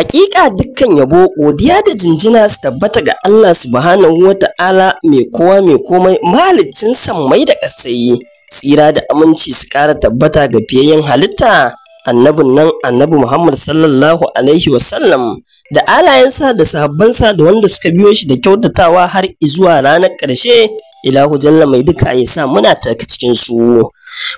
Hakika dukkan yabo, godiya da jinjina su tabbata ga Allah subhanahu wa ta'ala mai kowa mai komai mahalicin sammai da ƙasai. Tsira da aminci su ƙara tabbata ga fiyayyen halitta, annabin nan annabi Muhammad sallallahu alaihi wasallam da alayensa da sahabbansa da wanda suka biyo shi da kyautatawa har izuwa ranar ƙarshe, ilahu jalla mai duka ya sa muna taka cikin su.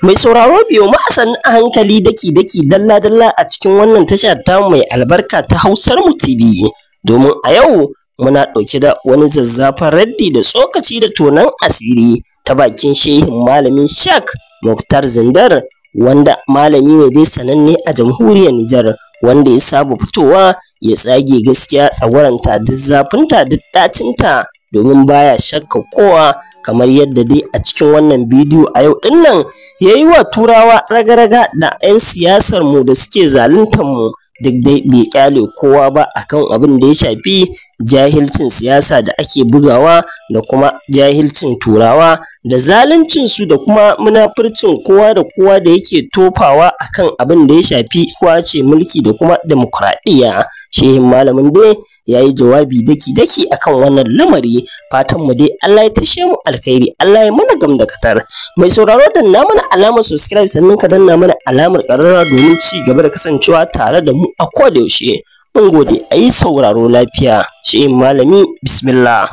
Mai sauraro biyo ma a hankali daki-daki dalla-dalla a cikin wannan tasha ta mai albarka ta Hausar mu TV. Domin a yau muna ɗauke da wani zazzafan raddi da tsokaci da tonan asiri ta bakin shehin malamin Shak Muktar Zindar wanda malami ne dai sananne a jamhuriyar Nijar wanda ya saba fitowa ya tsage gaskiya tsagwaranta duk zafinta duk ɗacinta domin baya shakka kowa kamar yadda dai a cikin wannan bidiyo a yau din nan ya yi wa turawa raga-raga da 'yan siyasar mu da suke zaluntar mu duk dai bai kyale kowa ba akan abin da ya shafi jahilcin siyasa da ake bugawa da kuma jahilcin turawa da zaluncin su da kuma munafurcin kowa da kowa da yake tofawa akan abin da ya shafi kwace mulki da kuma demokradiyya shehin malamin dai ya yi jawabi daki-daki akan wannan lamari fatan mu dai Allah ya tashe mu alkhairi Allah ya mana gam da katar mai sauraro da na mana alamar subscribe sannan ka danna mana alamar karara domin ci gaba da kasancewa tare da mu a koda yaushe mun gode a sauraro lafiya shi malami bismillah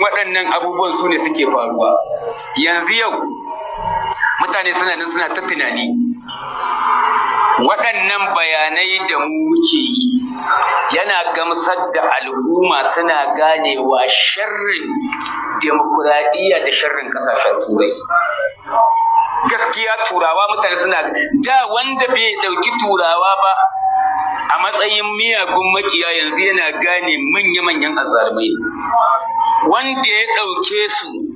waɗannan abubuwan su ne suke faruwa yanzu yau mutane suna nan suna ta tunani waɗannan bayanai da mu muke yi yana gamsar da al'umma suna ganewa sharrin demokuraɗiyya da sharrin ƙasashen turai gaskiya turawa mutane suna da wanda bai ɗauki turawa ba a matsayin miyagun makiya yanzu yana gane manya-manyan azalmai wanda ya ɗauke su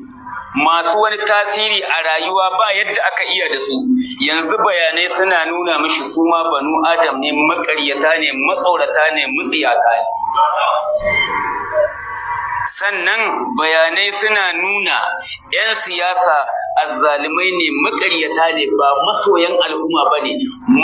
masu wani tasiri a rayuwa ba yadda aka iya da su yanzu bayanai suna nuna mishi su ma banu adam ne makaryata ne matsaurata ne mutsiyata ne sannan bayanai suna nuna 'yan siyasa azzalumai ne makaryata ne ba masoyan al'umma ba ne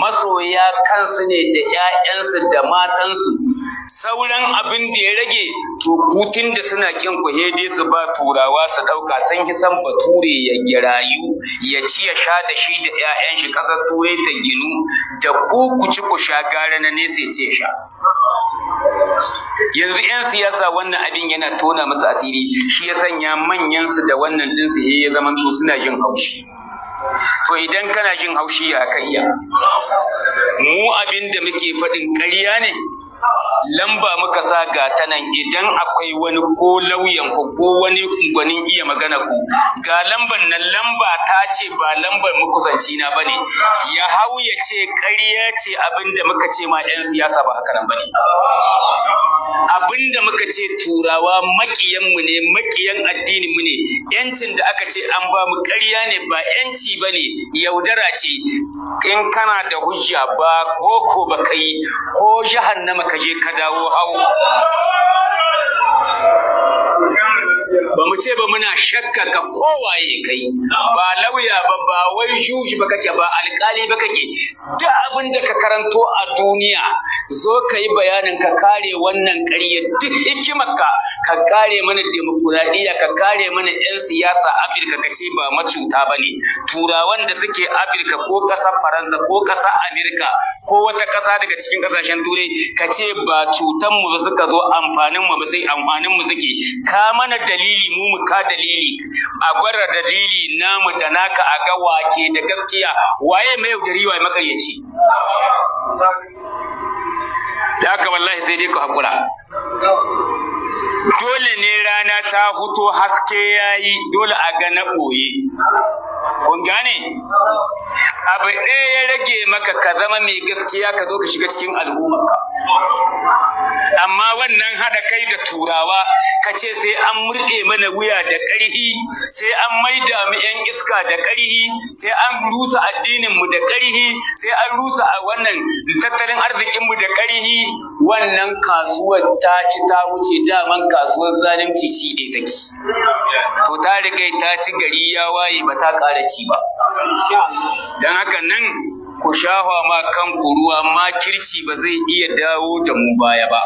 masoya kansu ne da 'ya'yansu da matansu sauran abin da ya rage to kutun da suna kin ku dai su ba turawa su dauka san san bature ya girayu ya ci ya sha da shi da 'ya'yan shi kasar turai ta ginu da ku ku ci ku sha gara na ne nesa ce sha yanzu 'yan siyasa wannan abin yana tona musu asiri shi ya sanya manyan su da wannan din su ya zaman to suna jin haushi to idan kana jin haushi ya kai ya mu abin da muke faɗin ƙarya ne lamba muka sa ga ta nan idan akwai wani ko lauyan ku ko wani gwanin iya magana ku ga lamban nan lamba ta ce ba lambar zanci na bane ya hau ya ce ƙarya ce abinda muka ce ma 'yan siyasa ba haka nan bane abinda muka ce turawa makiyanmu ne makiyan addininmu ne yancin da aka ce an ba mu ƙarya ne ba yanci ba ne yaudara ce in kana da hujja ba boko ba yi, ko jahannama ka je ka dawo hau ba mu ce ba muna shakka ka kowaye kai ba lauya ba ba wai juji ba kake ba alkali ba kake duk abin da ka karanto a duniya zo ka yi bayanin ka kare wannan ƙarya duk hikimarka ka kare mana demokuraɗiyya ka kare mana 'yan siyasa afirka ka ce ba macuta ba ne turawan da suke afirka ko ƙasar faransa ko ƙasar amerika ko wata ƙasa daga cikin ƙasashen turai ka ce ba cutanmu ba suka zo amfaninmu ba sai amfaninmu suke ka mana dalili mu mu ka dalili a gwara dalili namu da naka a ga wake da gaskiya waye mai yaudari waye makaryaci da haka wallahi sai dai ku hakura dole ne rana ta fito haske ya yi dole a ga na boye Kun gane? Abu ɗaya ya rage maka ka zama mai gaskiya ka zo ka shiga cikin al'ummarka. amma wannan haɗa kai da turawa ka ce sai an murɗe mana wuya da ƙarhi sai an maida mu 'yan iska da ƙarhi sai an rusa mu da ƙarhi sai an rusa a wannan tattalin mu da ƙarhi wannan kasuwar ta ci ta wuce daman kasuwar zalunci shi ne take to ta riga ta ci gari ya waye ba ta ƙara ci ba dan haka nan ku shafa ma kanku ruwa makirci ba zai iya dawo da mu baya ba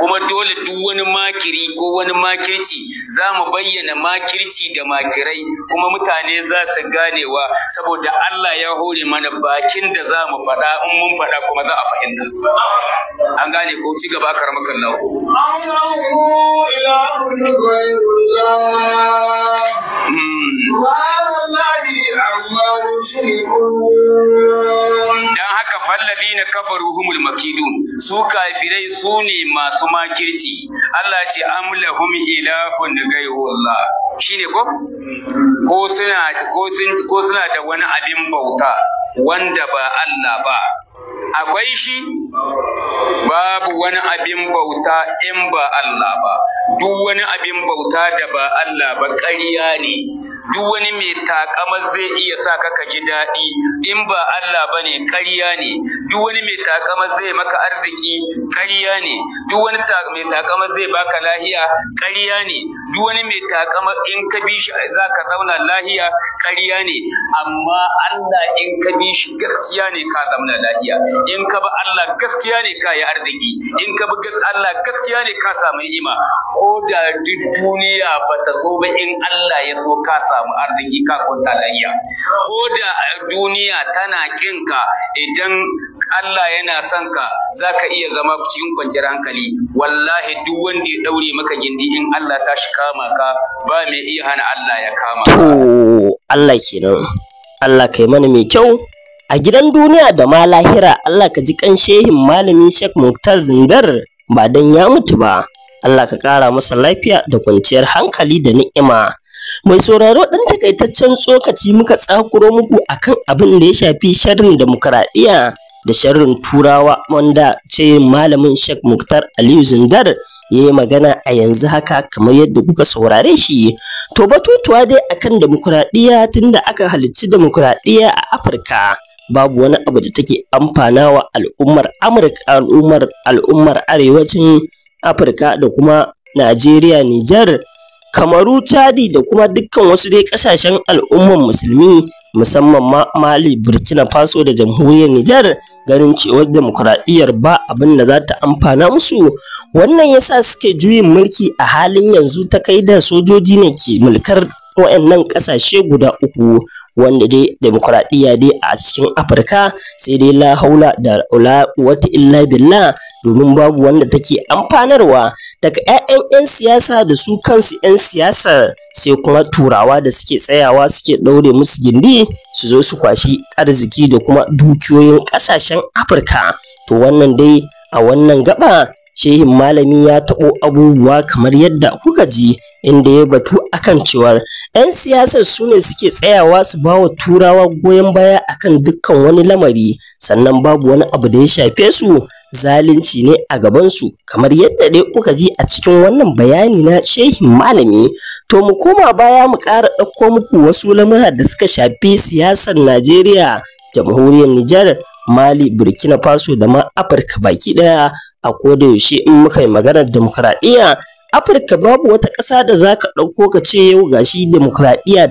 kuma dole duk wani makiri ko wani makirci za mu bayyana makirci da makirai kuma mutane za su ganewa saboda Allah ya hore mana bakin da za mu faɗa in mun faɗa kuma za a fahimta an gane ko ci gaba kar maka lahu dan haka haka falladina kafaru humul makidun su kafirai su ne masu makirci Allah ce amlahum ilahun ghayrullah shine ko ko suna ko suna da wani abin bauta wanda ba Allah ba akwai shi babu wani abin bauta in ba Allah ba duk wani abin bauta da ba Allah ba ƙarya ne duk wani mai takamar zai iya sa ka ka ji daɗi in ba Allah ba ne ƙarya ne duk wani mai takamar zai maka arziki ƙarya ne duk wani mai takamar zai baka lahiya ƙarya ne duk wani mai takamar in ka bi shi za ka zauna lahiya ƙarya ne amma Allah in ka bi shi gaskiya ne ka zauna lahiya in ka ba Allah gaskiya ne ka yi arziki in ka bi Allah gaskiya ne ka samu ni'ima ko da duk duniya ba ta so ba in Allah ya so ka samu arziki ka kwanta lafiya ko da duniya tana kin ka idan Allah yana son ka zaka iya zama cikin kwanciyar hankali wallahi duk wanda ya daure maka gindi in Allah ta shi kama ka ba mai iya hana Allah ya kama ka Allah kenan Allah kai mana mai kyau A gidan duniya da ma lahira Allah ka ji kan shehin malami Sheikh Muktar Zindar ba dan ya mutu ba. Allah ka ƙara masa lafiya da kwanciyar hankali da ni'ima. Mai sauraro ɗan takaitaccen tsokaci muka tsakuro muku akan abin da ya shafi sharrin demokuraɗiyya da sharrin turawa wanda ce malamin Sheikh Muktar Aliyu Zindar ya yi magana a yanzu haka kamar yadda kuka saurare shi. To batutuwa dai akan demokuraɗiyya tunda aka halicci demokuraɗiyya a Afirka. babu wani abu da take amfana wa al'ummar amurka al'ummar al'ummar arewacin afirka da kuma najeriya nijar kamaru chadi da kuma dukkan wasu dai kasashen al'ummar musulmi musamman ma mali burkina faso da jamhuriyar nijar ganin cewar demokuraɗiyyar ba abin da za ta amfana musu wannan yasa suke juyin mulki a halin yanzu ta kai da sojoji ne ke mulkar waɗannan ƙasashe guda uku wanda dai demokuraɗiyya dai a cikin afirka sai dai la haula da la quwwata illa billah domin babu wanda take amfanarwa daga 'ya'yan 'yan siyasa da su kansu 'yan siyasa sai kuma turawa da suke tsayawa suke ɗaure musu gindi su zo su kwashi arziki da kuma dukiyoyin ƙasashen afirka to wannan dai a wannan gaba shehin malami ya taɓo abubuwa kamar yadda kuka ji inda ya batu akan cewar 'yan siyasar su ne suke tsayawa su ba wa turawa goyon baya akan dukkan wani lamari sannan babu wani abu da ya shafe su zalunci ne a gaban su. kamar yadda dai kuka ji a cikin wannan bayani na shehin malami to mu koma baya mu ƙara ɗauko muku wasu lamura da suka shafi siyasar najeriya jamhuriyar nijar mali burkina faso da ma afirka baki ɗaya a koda yaushe in muka yi maganar demokuraɗiyya Afirka babu wata ƙasa da za ka ɗauko ka ce yau ga shi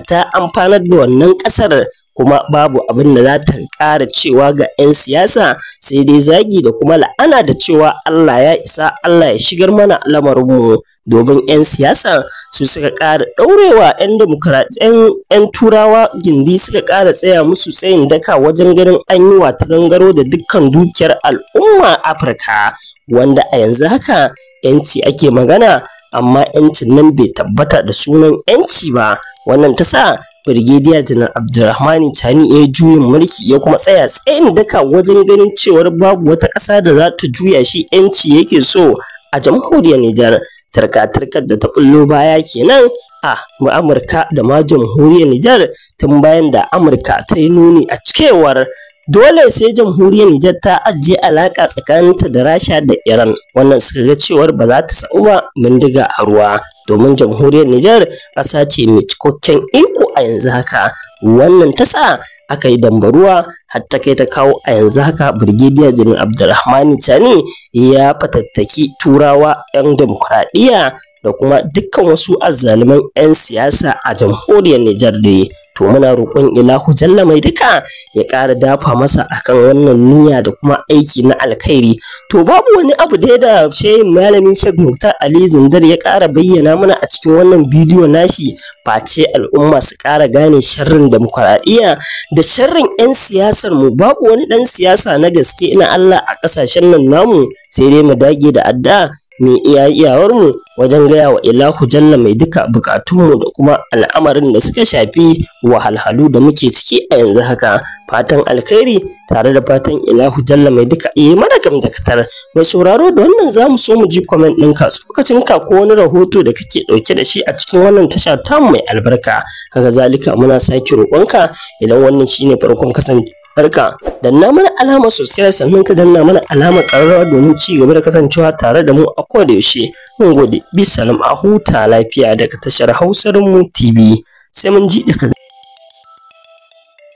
ta amfanar da wannan ƙasar. kuma babu abin da za ta ƙara cewa ga 'yan siyasa sai dai zagi da kuma la'ana da cewa Allah ya isa Allah ya shigar mana lamarinmu domin 'yan siyasa su suka ƙara ɗaurewa 'yan turawa gindi suka ƙara tsaya musu tsayin daka wajen ganin an yi wata gangaro da dukkan dukiyar al'umma afirka wanda a yanzu haka 'yanci ake magana amma 'yancin nan bai tabbata da sunan 'yanci ba wannan ta sa Brigadier Janar Abdulrahman Chani ya juyin mulki ya kuma tsaya tsayin daka wajen ganin cewar babu wata ƙasa da za ta juya shi 'yanci yake so a jamhuriyar Nijar. tarka-tarkar da ta bullo baya kenan a Amurka da ma jamhuriyar Nijar tun bayan da Amurka ta yi nuni a cewar dole sai jamhuriyar Nijar ta ajiye alaƙa tsakaninta da Rasha da Iran wannan suka ga cewar ba za ta sa'u ba bindiga a ruwa domin jamhuriyar Nijar ƙasa ce mai cikakken iko a yanzu haka wannan ta sa aka yi dambaruwa har ta kai ta kawo a yanzu haka Birgediya Janar Abdulrahmani Chani ya fatattaki Turawa 'yan demokuraɗiyya da kuma dukkan wasu azzaluman 'yan siyasa a jamhuriyar Nijar da to muna roƙon ilahu jalla mai duka ya ƙara dafa masa akan wannan niyya da kuma aiki na alkhairi to babu wani abu da da shehin malamin shek muktar ali zindar ya ƙara bayyana mana a cikin wannan bidiyo nashi face al'umma su ƙara gane sharrin demokuraɗiyya da sharrin 'yan siyasar mu babu wani ɗan siyasa na gaske ina allah a ƙasashen nan namu sai dai mu dage da adda Mai iya iyawarmu wajen gaya wa ilahu jalla mai duka bukatunmu da kuma al'amarin da suka shafi wahalhalu da muke ciki a yanzu haka fatan alkhairi tare da fatan ilahu jalla mai duka yi mana gamdakatar mai sauraro da wannan za mu so mu ji comment ka. tsokacin ka ko wani rahoto da kake dauke da shi a cikin wannan tasha tamu mai albarka haka zalika muna sake roƙonka idan wannan shine farkon kasance Dan danna mana alamar subscribe sannan ka danna mana alamar ƙararrawa domin ci gaba da kasancewa tare da mu a koda yaushe mun gode bisalam a huta lafiya daga tashar hausar mu tv sai mun ji daga